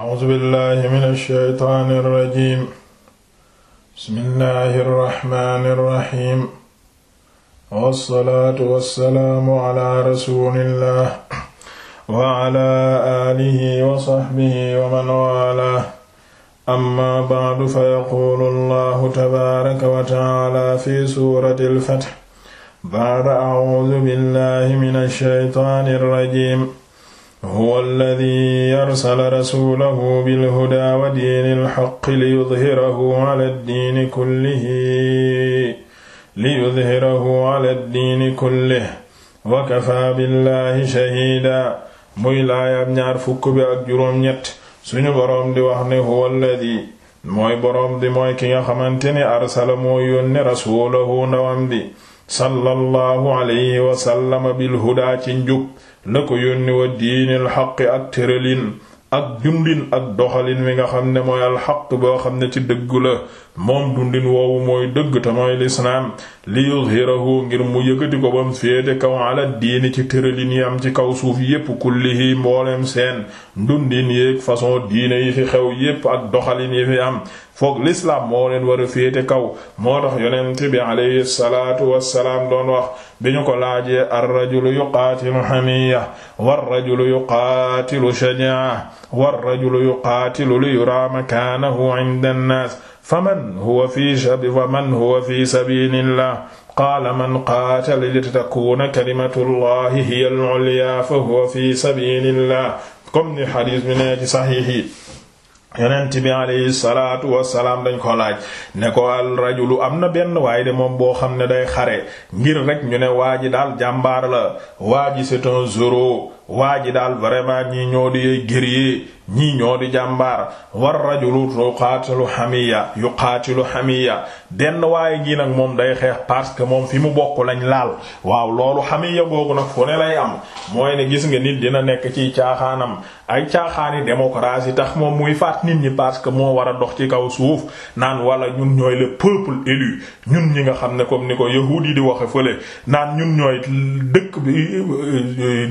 أعوذ بالله من الشيطان الرجيم بسم الله الرحمن الرحيم والصلاة والسلام على رسول الله وعلى آله وصحبه ومن والاه أما بعد فيقول الله تبارك وتعالى في سورة الفتح بعد أعوذ بالله من الشيطان الرجيم huwa alladhi arsala rasulahu bilhuda wa diini alhaqqi liyudhhirahu ala ad-diini kullihi liyudhhirahu ala ad-diini kullihi wa kafaa billahi shahiida muy laayaab ñaar fukk bi ak juróom-ñett suñu borom di wax ne huwa alladhi mooy boroom di mooy ki nga xamante ni arsala moo yónni rasulahu ndawam sallallahu alayhi wa sallam bil huda ci njub na ko yónni wa diinil xaq ak tëralin ak dundin ak doxalin wi nga xam ne mooy alxaq boo xam ne ci dëgg la moom dundin woowu mooy dëgg te mooy lislaam li yuzhirahu ngir mu yëkkati ko bam féete kaw ala diini ci tëralin yi am ci kaw suuf yépp kullihi mboolem seen dundin yéeg façon diine yi fi xew yépp ak doxalin yi fi am foog l'islam moo leen war a féete kaw moo tax yonent bi alayhi salaatu wassalaam doon wax bi ñu ko laajee ar-rajulu yuqaatilu hamiya war-rajulu yuqaatilu shaja'a war-rajulu yuqaatilu li yura makaanahu 'inda an-naas faman huwa fi shabi faman huwa fi sabilillah qaala man qaatala litakuuna kalimatullahi hiya al-'ulya fa huwa fi sabilillah comme ni hadith bi ne ci sahih yonent bi alayhi salaatu salaam dañ ko laaj ne ko al rajulu am na benn waay de moom boo xam ne day xare ngir rek ñu ne waa ji daal jàmbaar la waa ji c'est un zoro waa ji daal vraiment ñii ñoo di yey guerrier ñoo di jàmbaar war rajulu yuqaatilu hamiya yuqaatilu hamiya denn waaye gi nag moom day xeex parce que moom fi mu bokk lañ laal waaw loolu hamiya googu nag fu ne lay am mooy ne gis nga nit dina nekk ci caaxaanam ay caaxaani démocratie tax moom muy faat nit ñi parce que moo war a dox ci kaw suuf naan wala ñun ñooy le peuple élu ñun ñi nga xam ne comme ni ko yahuud yi di waxe fële naan ñun ñooy dëkk bi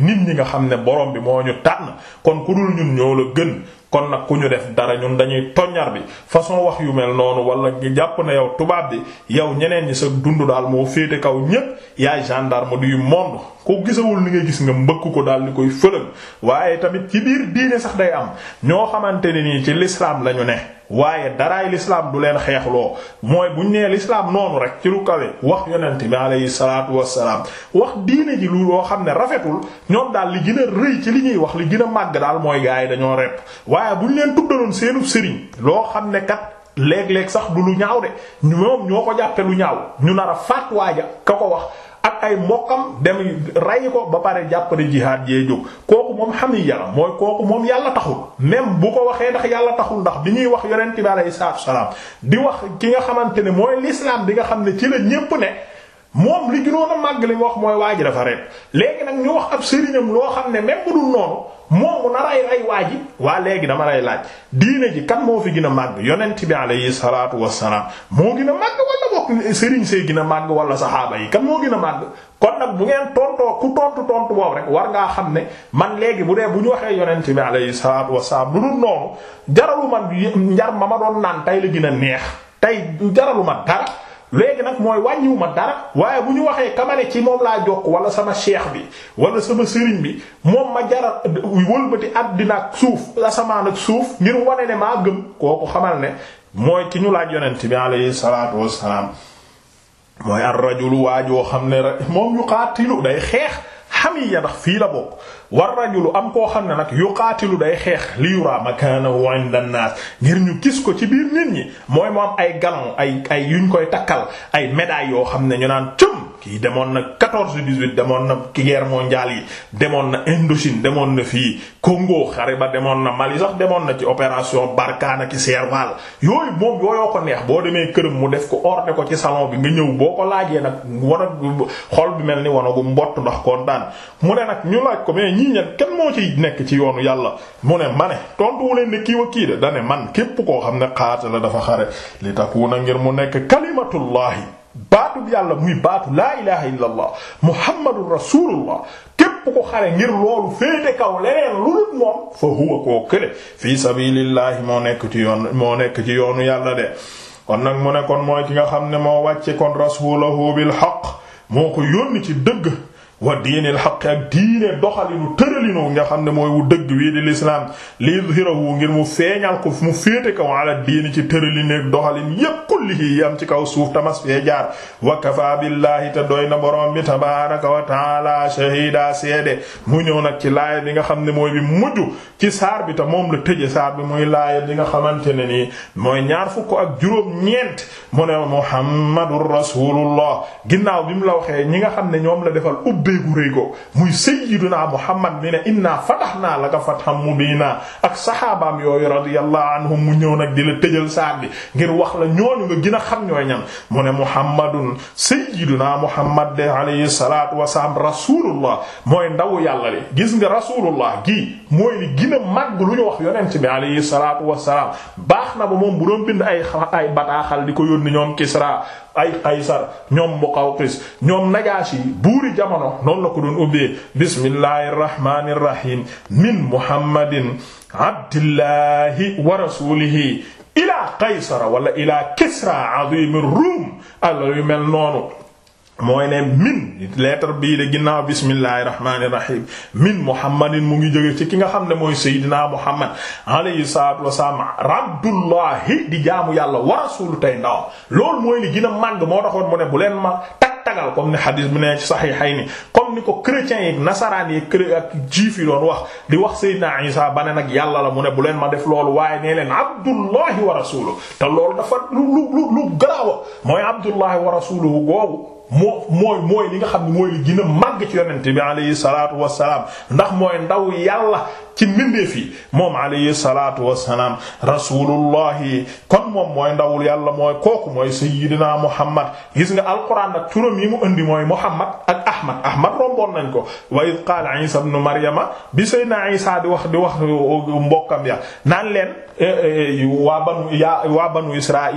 nit ñi nga xam ne borom bi moo ñu tànn kon ku dul ñun ñoo la gën kon nag ku ñu def dara ñun dañuy toññar bi façon wax yu mel noonu wala nga jàpp na yow tubaab bi yow ñeneen ñi sa dund daal moo féete kaw ñépp yaay gendarme du monde ku gisawul li nga gis nga mbëkk ko daal di koy fëlëg waaye tamit ci biir diine sax day am ñoo xamante ne nii ci l'islam lañu ne. waaye daraay lislaam du leen xeexloo mooy buñ nee lislaam noonu rek ci lu kawe wax yonent bi alayhi salaatu wassalaam wax diine ji lu loo xam ne rafetul ñoom daal li gën ci li ñuy wax li gën màgg daal mooy gaa yi dañoo rep waaye bu ñu leen tuddaloon seenu sëriñ loo xam ne kat léeg-léeg sax du lu ñaaw de ñoom ñoo ko jàppee lu ñaaw ñu nar a faat waaja ka ko wax ak ay mbokkam dem ray ko ba pare jàppale jihaad jee jóg kooku moom xam ni yaram mooy kooku moom yàlla taxul même bu ko waxee ndax yàlla taxul ndax bi ñuy wax yonent bi alayhi salaatu wa salaam di wax ki nga xamante ne mooy l'islam bi nga xam ne ci la ñépp ne moom li gënoon a màgg li mu wax mooy waa ji dafa reet léegi nag ñu wax ab sëriñam loo xam ne même bu dul noonu moom mu nar ay rey waa ji waa léegi dama lay laaj diine ji kan moo fi gën a màgg yonent bi alayhi salaatu wassalaam moo gën a màgg wala bokk sëriñ see gën yi kan moo gën a màgg kon nag bu ngeen tontoo ku tontu tontu boobu rek war ngaa xam ne man léegi bu dee bu ñu waxee yonent bi alayhi salaatu wassalaam lu dul noonu jaralu man njar ma ma doon naan tey la gën a neex tey jaralu ma dara léegi nag mooy wàññiwuma dara waaye bu ñu waxee kamane ci moom laa jokk wala sama cheikh bi wala sama sëriñ bi moom ma jara wëlbati àddina ak suuf asamaan ak suuf ngir wane ne maa gëm kooku xamal ne mooy ki ñu laaj yonent bi alayhi salaatu wassalaam mooy ar rajulu waajoo xam ne moom yuqaatilu day xeex hamiya ndax fii la bokk war rajulu am koo xam ne nag yuqaatilu day xeex li yura makanahu inda an-nas ngir ñu gis ko ci biir nit ñi mooy mu ay galon ay ay yuñ koy takkal ay médailles yoo xam ne ñu naan cëm kii demoon na quatorze dix-huit demoon na ki guerre mondiale yi demoon na Indochine demoon na fii Congo xare ba demoon na Mali sax demoon na ci opération Barkhane ki Serval yooyu moom yooyoo ko neex boo demee këram mu def ko orne ko ci salon bi nga ñëw boo ko laajee nag wanag xol bi mel ni wanagu mbott ndax kontaan mu ne nag ñu laaj ko mais ñii ñen kenn moo ci nekk ci yoonu yàlla mu ne ma ne wu ne kii wa kii de dane man képp koo xam ne xaata la dafa xare li na ngir mu nekk kalimatullahi baatub yàlla muy baatu la ilaha illa allah muhammadur rasulullah képp ko xare ngir loolu féete kaw leneen lu dul moom fa huwa koo kële fii sabilillahi moo nekk ci yoon moo nekk ci yoonu yàlla de kon nag mu nekkoon kon mooy ki nga xam ne moo wàcce kon rasulahu bil haqq moo ko yónni ci dëgg wa diinil xaq ak diine doxalinu tëralinu nga xam ne mooy wu dëgg wii di lislaam wu ngir mu feeñal ko mu féete kaw ala diini ci tëralineeg doxalin yépp kullihi yam ci kaw suuf tamas fee jaar wa kafa billahi te doy na borom bi tabaraka wa taala shahida seede mu ñëw nag ci laaya bi nga xam ne mooy bi mujj ci saar bi te moom la tëje saar bi muy laaya bi nga xamante ne nii mooy ñaar fukk ak juróom ñeent mu ne muhammadur rasulullah ginnaaw bi mu la waxee ñi nga xam ne ñoom la defal ubbeegu rëy googu muy sayyiduna Muhammad mi ne inna fatahnaa laka fathan mubiinaa ak saxaabaam yooyu radiyallahu anhum mu ñëw nag di la tëjal saat ngir wax la ñooñu nga gën a xam ñooy ñan mu ne Muhammadun sayyiduna Muhammad de alayhi salaatu wa salaam rasulullah mooy ndaw yàlla gis nga rasulullah gi mooy li gën a màgg lu ñu wax yonent bi alayhi salaatu wa salaam baax na ba moom bu doon bind ay ay bataaxal di ko yónni ñoom Kisra ay Qaysar ñoom Muqawqis ñoom Najaashi buuri jamono noonu la ko doon ubbee bismillahir rahmanir rahim min muhammadin abdillahi wa rasulihi ila Qaysara wala ila Kisra azimir Rum ala yu mel noonu mooy ne min lettre bii de ginnaaw bismillahi rahmaani rahiim min muhammadin mu ngi jóge ci ki nga xam ne mooy Seydina Muhammad alayhi salaatu wasalaam abdullahi di jaamu yàlla wa rasuulu tey ndaw loolu mooy li gën a màgg moo taxoon mu bu leen ma tagal kom ni xadiis bi ne ci Sahihayni comme ni ko chrétiens yi nasaraan yi ak juif yi doon wax di wax Seydina Isa ba ne nag yàlla la mu ne bu leen ma def loolu waaye nee leen abdullahi wa rasuulu te loolu dafa lu lu lu garaawa moo mooy mooy li nga xam ne mooy li gën a màgg ci yonent bi alayhi salaatu wassalaam ndax mooy ndaw yàlla ci mbindeef fi moom alayhi salaatu wassalaam rasulullahi kon moom mooy ndawul yàlla mooy kooku mooy sayyidina muhammad gis nga alquran nag turam yi mu indi mooy muhammad ak ahmad ahmad romboon nañ ko wa id qaala isa ibn maryama bi sayyidina saa di wax di wax mbokkam ya naan leen eh, eh, eh, wa banu ya waa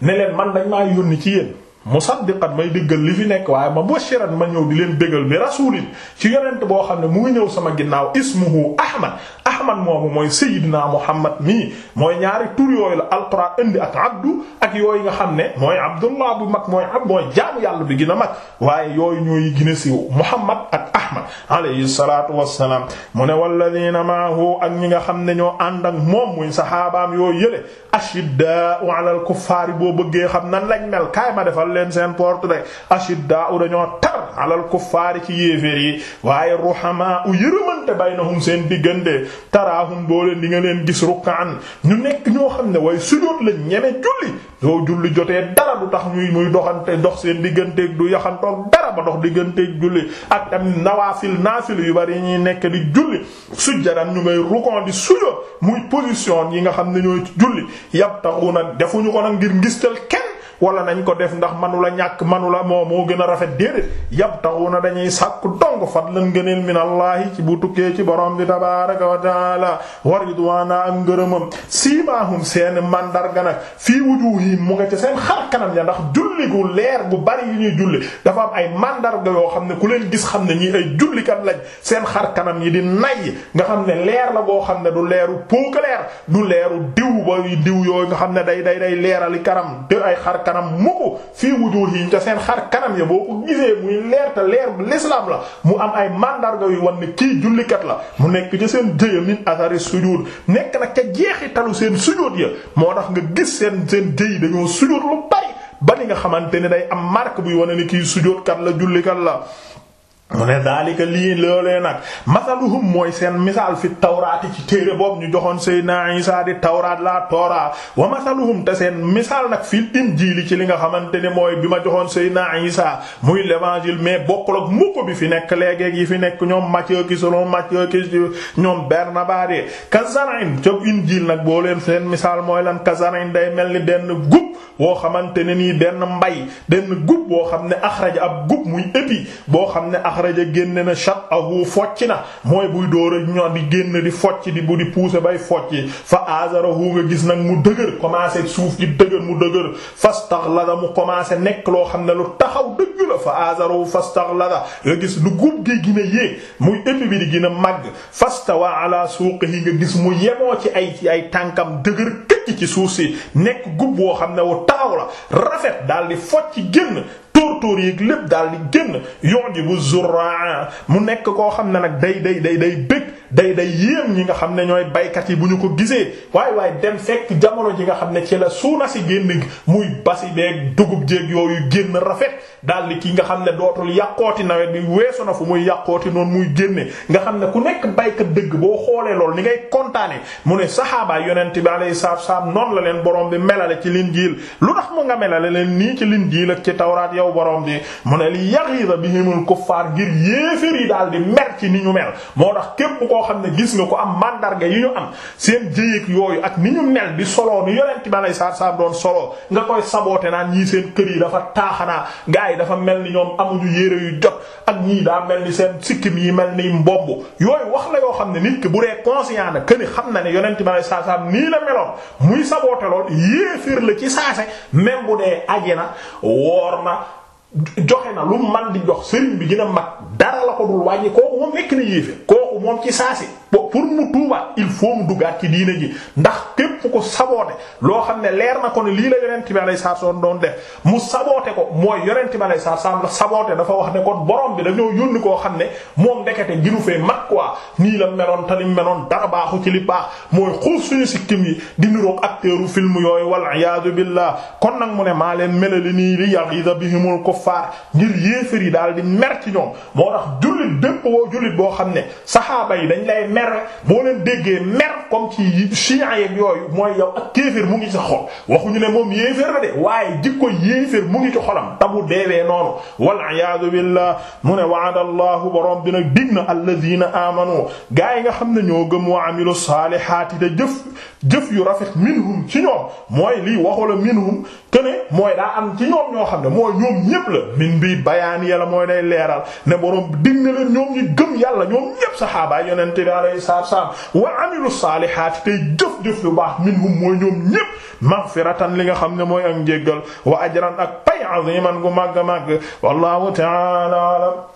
ne leen man dañ maa yónni ci yéen musaddiqan may déggal li fi nekk waaye ma bashiran ma ñëw di leen bégal bi rasulin ci yonent boo xam ne mu ngi ñëw sama ginnaaw ismuhu ahmad ahmad moomu mooy sayidna muhammad mii mooy ñaari tur yooyu la alquran indi ak abdu ak yooyu nga xam ne mooy abdullah bu mag mooy ab mooy jaamu yàlla bi gën a mag waaye yooyu ñooy gën a muhammad ak ahmad alayhi salaatu wassalaam mu ne walladina maahu ak ñi nga xam ne ñoo ànd ak moom sa saxaabaam yoo yële ashiddaa'u alal kuffaari boo bëggee xam nan lañ mel kaay ma defal leen seen portrait ashiddaa'u dañoo tar alal kuffaari ci waaye ruhamaa u doxante baynahum seen diggante taraahum boo leen di nga leen gis rukkaan ñu nekk ñoo xam ne way sujóot lañ ñeme julli doo julli jotee dara du tax ñuy muy doxante dox seen digganteeg du yaxantoog dara ba dox digganteeg julli ak tamit nawaafil naafil yu bari ñuy nekk di julli sujjadan ñu ngay rukkoon di sujóot muy position yi nga xam ne ñooy julli yabtaxuna defuñu ko nag ngir ngistal kenn wala nañ ko def ndax manula ñàkk manula moo moo gën a rafet déedéet yab taxu na dañuy sàkku dong fadlan gëneel min allahi ci bu tukkee ci borom bi tabaraka wa taala wa ridwaana ak ngërëmam siimaahum seen màndarga nag fii wujuuhihim mu nga ci seen xar kanam ya ndax julli gu leer gu bari yu ñuy julli dafa am ay màndarga yoo xam ne ku leen gis xam ne ñii ay jullikat lañ seen xar kanam yi di nay nga xam ne leer la boo xam ne du leeru pookaleer du leeru diw ba diw yooyu nga xam ne day day day leerali karam te ay kanam mu ko fii wujuhihim te seen xar kanam ya boo ko gisee muy leer leer bu l'islam la mu am ay mandarga yu wan ne kii jullikat la mu nekk ca seen jëya min athari sujud nekk nag ca jeexitalu seen sujud ya moo tax nga gis seen seen jëy dañoo sujud lu bari ba li nga xamante ne day am marque buy wane ni kii sujudkat la jullikat la mu ne daalika lii loolee nag masaluhum mooy seen misaal fi tawraati ci téere boobu ñu joxoon Seydina Isa di tawraat la toora wa masaluhum te seen misaal nag fil injiili ci li nga xamante ne mooy bi ma joxoon Seydina Isa muy l'évangile mais bokkul ak mukk bi fi nekk léegeeg yi fi nekk ñoom Matthieu ki selon Matthieu ki ñoom Barnabas ka zarain ca injiil nag boo leen seen misaal mooy lan ka day mel ni benn gub boo xamante ne nii benn mbay benn gub boo xam ne axraja ab gub boo xam ne axraja génne na shat'ahu focc na mooy buy door a ñor di génn di focc di bu di pousser bay focc fa azarahu nga gis nag mu dëgër commencé suuf di dëgër mu dëgër fastaxlada mu commencé nekk loo xam ne lu taxaw dëgg la fa azarahu fastaxlada nga gis lu gub gi gën a yéeg muy ëpp bi di gën a màgg fastawa ala yi nga gis mu yemoo ci ay ay tànkam dëgër këcc ci suuf si nekk gub boo xam ne wu taxaw la rafet daal di focc génn docteur yi lépp daal di génn yujibu zurraa mu nekk koo xam ne nag day day day day bëgg day day yéem ñi nga xam ne ñooy baykat yi bu ñu ko gisee waaye waaye dem fekk jamono ji nga xam ne ci la suuna si génn muy basi beeg dugub jéeg yooyu génn rafet daal di ki nga xam ne dootul yàqooti nawet bi weesu na fu muy yàqooti noonu muy génne nga xam ne ku nekk baykat dëgg boo xoolee loolu ni ngay kontaane mu ne saxaaba yonent bi alayhi salaatu wassalaam noonu la leen borom bi melale ci Linjiil lu tax mu nga melale leen nii ci Linjiil ak ci Tawraat yow borom bi mu ne li yaghiza bihimul kuffaar ngir yéefar yi daal ci ni ñu mel koo xam gis nga ko am mandarga yi ñu am seen yooyu ak ni ñu mel di soloo ni yorenti ba lay saa doon soloo nga koy saboote naan ñii seen kër yi dafa taaxanaa gars yi dafa mel ni ñoom amuñu yére yu jot ak ñii daa mel ni seen sikkim yi mel ni mbomb yooyu wax la yoo xam ne nit ki bu dee conscient na këni xam na ne yorenti ba lay saa saa nii la meloon muy saboote lool yéefir la ci saase même bu dee aje na woor na joxe na lu man di jox sëriñ bi gën a mag dara la ko dul wàññi kooku moom nekk na yéefir moom ci saasi pour mu tuubaat il faut mu duggaat ci diine ji ndax képp ko saboote loo xam ne leer na ko ne lii la yonent bi alayhi salaam doon def mu saboote ko mooy yonent bi alayhi salaam la saboote dafa wax ne kon borom bi dañoo yónni koo xam ne moom ndekete ginu fee mag quoi nii la meloon talim meloon dara baaxu ci li baax mooy xuus suñu sikkim yi di niroog acteuru film yooyu wal iyaadu billah kon nag mu ne maa leen melali nii li yaghidha bihimul kuffaar ngir yéefar yi daal di mer ci ñoom moo tax jullit bépp boo xam ne saxaaba yi dañ lay mer boo leen déggee mer comme ci chiites yeeg yooyu mooy yow ak kéefër mu ngi sa xol ñu ne moom yéefër la de waaye jikko yéefër mu ngi ci xolam tabu deewee noonu wal iyaadu billah mu ne wa'ada allahu borom bi nag dig na alladhina amanu gaa yi nga xam ne ñoo gëm wa amilu saalihaati da jëf jëf yu rafet minhum ci ñoom mooy lii waxu la minhum këne mooy la am ci ñoom ñoo xam ne mooy ñoom ñépp la min bi bayaan yàlla mooy day leeral ne boroom dig na leen ñoom ñu yàlla ñoom ñépp saxaabaay yonente bi alayhi salaam wa amilu saalihaati tey jëf-jëf yu baax minhum mooy ñoom ñépp maghfiratan li nga xam ne mooy ak njéggal wa ajran ak pay aziman gu màgg màgg wallahu ta'ala